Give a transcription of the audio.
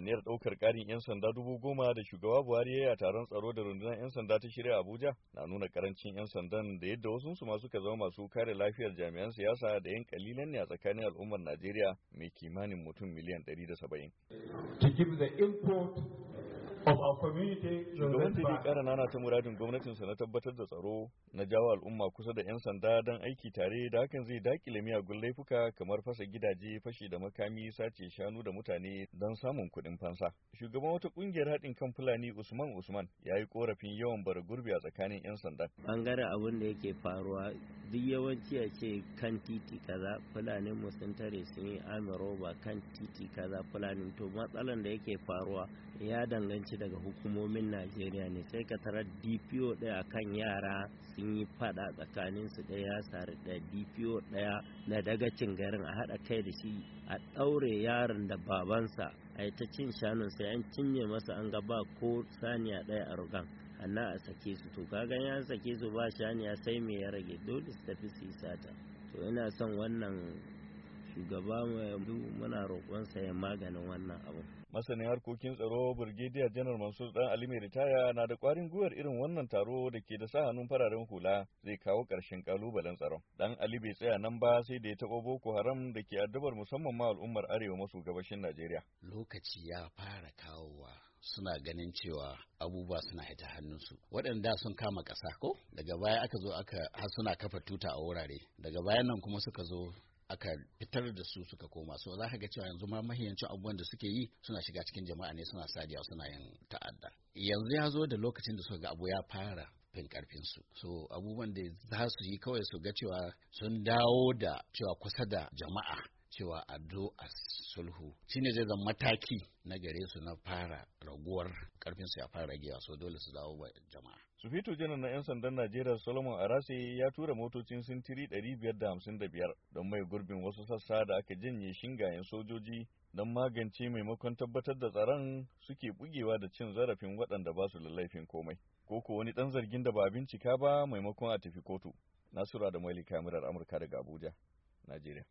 aniyar ɗaukar ƙarin 'yan sanda dubu goma da shugaba Buhari ya yi a taron tsaro da rundunar 'yan sanda ta shirya Abuja na nuna karancin 'yan sandan da yadda wasu su ma suka zama masu kare lafiyar jami'an siyasa da 'yan kalilan ne a tsakanin al'ummar Najeriya mai kimanin mutum miliyan 170. To give the import of our community. Shugaban Tidi kara nana ta muradin sa na tabbatar da tsaro na jawo al'umma kusa da 'yan sanda don aiki tare da hakan zai dakile miyagun laifuka kamar fasa gidaje fashi da makami sace shanu da mutane don samun kuɗin fansa. Shugaban wata ƙungiyar haɗin kan Fulani Usman Usman ya yi korafin yawan bara gurbi a tsakanin 'yan sanda. bangare abin da yake faruwa duk yawanci a ce kan titi kaza Fulani mu sun tare sun yi amiroba kan titi kaza Fulani to matsalan da yake faruwa ya danganci ce daga hukumomin najeriya ne sai ka tarar dpo ɗaya akan yara sun yi fada tsakanin su ɗaya ya sari da dpo ɗaya na dagacin garin a haɗa kai da shi a ɗaure yaron da babansa a yi ta cin shanun sai an cinye masa an gaba ko saniya ɗaya a rugan anna a sake su to kaga ya sake su ba shaniya sai me ya rage dole su tafi su yi sata to ina son wannan shugaba muna roƙonsa ya maganin wannan abu. Masanin harkokin tsaro Birgediya Janar Mansur Dan Ali mai ritaya na da ƙwarin gwiwar irin wannan taro da ke da sa hannun fararen hula zai kawo ƙarshen ƙalubalen tsaron. Dan Ali bai tsaya nan ba sai da ya taɓa Boko Haram da ke addabar musamman ma al'ummar Arewa maso gabashin Najeriya. Lokaci ya fara kawowa. suna ganin cewa abubuwa suna haita hannunsu waɗanda sun kama ƙasa ko daga baya aka zo aka har suna kafa tuta a wurare daga bayan nan kuma suka zo aka fitar da su suka koma so za ka ga cewa yanzu ma mahiyancin abubuwan da suke yi suna shiga cikin jama'a ne suna sadiya suna yin ta'adda yanzu ya zo da lokacin da suka ga abu ya fara fin karfin su so abubuwan da za su yi kawai su ga cewa sun dawo da cewa kusa da jama'a cewa Ado zo a sulhu shine zai zama mataki na gare su na fara raguwar karfin su ya fara ragewa so dole su dawo wa jama'a Sufeto, janar na 'yan sandan najeriya solomon arase ya tura motocin sintiri 555 don mai gurbin wasu sassa da aka janye shingayen sojoji don magance maimakon tabbatar da tsaron suke bugewa da cin zarafin waɗanda ba su laifin komai ko ko wani ɗan zargin da ba bincika ba maimakon a tafi kotu nasura da maili kamirar amurka daga abuja najeriya